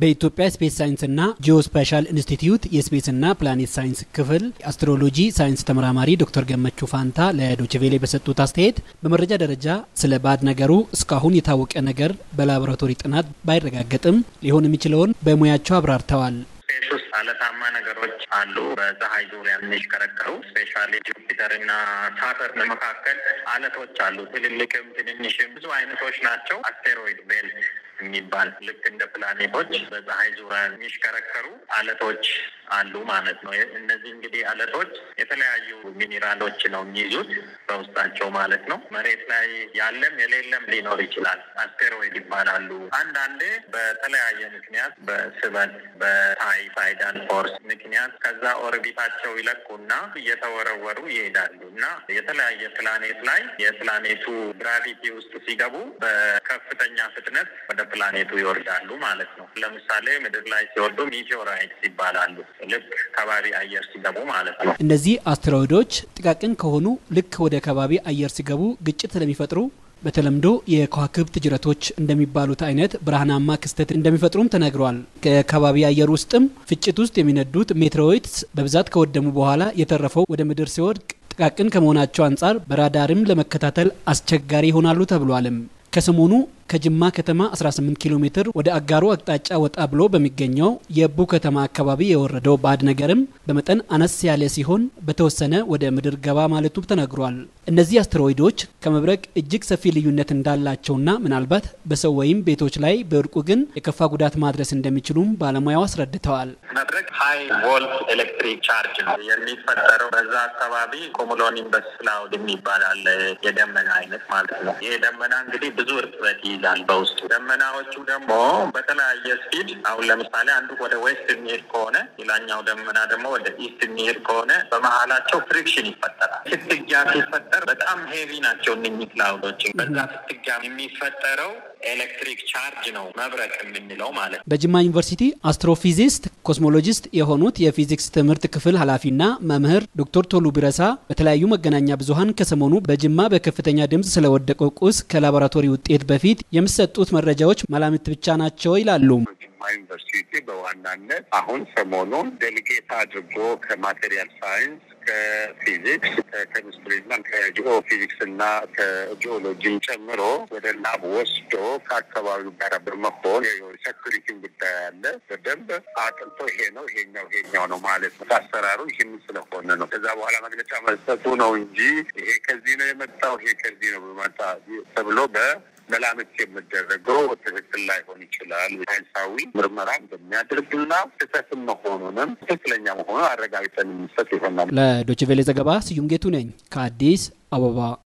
በኢትዮጵያ ስፔስ ሳይንስና ጂኦስፓሻል ኢንስቲትዩት የስፔስና ፕላኔት ሳይንስ ክፍል አስትሮሎጂ ሳይንስ ተመራማሪ ዶክተር ገመቹ ፋንታ ለዶችቬሌ በሰጡት አስተያየት በመረጃ ደረጃ ስለ ባድ ነገሩ እስካሁን የታወቀ ነገር በላቦራቶሪ ጥናት ባይረጋገጥም ሊሆን የሚችለውን በሙያቸው አብራርተዋል። ስፔስ ውስጥ አለታማ ነገሮች አሉ። በፀሐይ ዙሪያ የሚሽከረከሩ ስፔሻሊ ጁፒተር እና ሳተርን መካከል አለቶች አሉ። ትልልቅም ትንንሽም ብዙ አይነቶች ናቸው። አስቴሮይድ ቤልት የሚባል ልክ እንደ ፕላኔቶች በፀሐይ ዙሪያ የሚሽከረከሩ አለቶች አሉ ማለት ነው። እነዚህ እንግዲህ አለቶች የተለያዩ ሚኒራሎች ነው የሚይዙት በውስጣቸው ማለት ነው። መሬት ላይ ያለም የሌለም ሊኖር ይችላል። አስቴሮይድ ይባላሉ። አንዳንዴ በተለያየ ምክንያት በስበት በታይፋይዳል ፎርስ ምክንያት ከዛ ኦርቢታቸው ይለቁና እየተወረወሩ ይሄዳሉ እና የተለያየ ፕላኔት ላይ የፕላኔቱ ግራቪቲ ውስጥ ሲገቡ በከፍተኛ ፍጥነት ወደ ከፕላኔቱ ይወርዳሉ ማለት ነው። ለምሳሌ ምድር ላይ ሲወርዱ ሚቴዎራይትስ ይባላሉ። ልክ ከባቢ አየር ሲገቡ ማለት ነው። እነዚህ አስትሮይዶች ጥቃቅን ከሆኑ ልክ ወደ ከባቢ አየር ሲገቡ ግጭት ስለሚፈጥሩ በተለምዶ የከዋክብት ጅረቶች እንደሚባሉት አይነት ብርሃናማ ክስተት እንደሚፈጥሩም ተነግሯል። ከከባቢ አየር ውስጥም ፍጭት ውስጥ የሚነዱት ሜትሮይትስ በብዛት ከወደሙ በኋላ የተረፈው ወደ ምድር ሲወድቅ ጥቃቅን ከመሆናቸው አንጻር በራዳርም ለመከታተል አስቸጋሪ ይሆናሉ ተብሏልም። ከሰሞኑ ከጅማ ከተማ 18 ኪሎ ሜትር ወደ አጋሩ አቅጣጫ ወጣ ብሎ በሚገኘው የቡ ከተማ አካባቢ የወረደው ባድ ነገርም በመጠን አነስ ያለ ሲሆን በተወሰነ ወደ ምድር ገባ ማለቱ ተነግሯል። እነዚህ አስተሮይዶች ከመብረቅ እጅግ ሰፊ ልዩነት እንዳላቸውና ምናልባት በሰው ወይም ቤቶች ላይ በወድቁ ግን የከፋ ጉዳት ማድረስ እንደሚችሉም ባለሙያው አስረድተዋል። መብረቅ ሀይ ቮልት ኤሌክትሪክ ቻርጅ ነው የሚፈጠረው በዛ አካባቢ ኮሙሎኒምበስ ክላውድ የሚባል አለ የደመና አይነት ማለት ነው። ይህ ደመና እንግዲህ ብዙ እርጥበት ይይዛል በውስጡ። ደመናዎቹ ደግሞ በተለያየ ስፒድ አሁን ለምሳሌ አንዱ ወደ ዌስት የሚሄድ ከሆነ ሌላኛው ደመና ደግሞ ወደ ኢስት የሚሄድ ከሆነ በመሀላቸው ፍሪክሽን ይፈጠራል። ስትጊያ ሲፈጠር በጣም ሄቪ ናቸው እነኚህ ክላውዶች። በዛ ስትጊያ የሚፈጠረው ኤሌክትሪክ ቻርጅ ነው መብረቅ የምንለው ማለት ነው። በጅማ ዩኒቨርሲቲ አስትሮፊዚስት ኮስሞሎጂስት የሆኑት የፊዚክስ ትምህርት ክፍል ኃላፊና መምህር ዶክተር ቶሉ ቢረሳ በተለያዩ መገናኛ ብዙኃን ከሰሞኑ በጅማ በከፍተኛ ድምፅ ስለወደቀው ቁስ ከላቦራቶሪ ውጤት በፊት የምሰጡት መረጃዎች መላምት ብቻ ናቸው ይላሉ። ጅማ ዩኒቨርሲቲ በዋናነት አሁን ሰሞኑን ዴሊጌት አድርጎ ከማቴሪያል ሳይንስ ከፊዚክስ ከኬሚስትሪና ከጂኦ ፊዚክስ እና ከጂኦሎጂን ጨምሮ ወደ ላብ ወስዶ ከአካባቢው ጋር በመሆን ሴኩሪቲን ጉዳይ አለ በደንብ አጥንቶ ይሄ ነው ይሄኛው ይሄኛው ነው ማለት ነው። አሰራሩ ይህም ስለሆነ ነው። ከዛ በኋላ መግለጫ መስጠቱ ነው እንጂ ይሄ ከዚህ ነው የመጣው ይሄ ከዚህ ነው በመጣ ተብሎ በ መላምት የሚደረገው ትክክል ላይሆን ይችላል። ሳይንሳዊ ምርመራ እንደሚያደርግና ስህተትም መሆኑንም ትክክለኛ መሆኑን አረጋግጠን የሚሰጥ ይሆናል። ለዶችቬሌ ዘገባ ስዩም ጌቱ ነኝ ከአዲስ አበባ።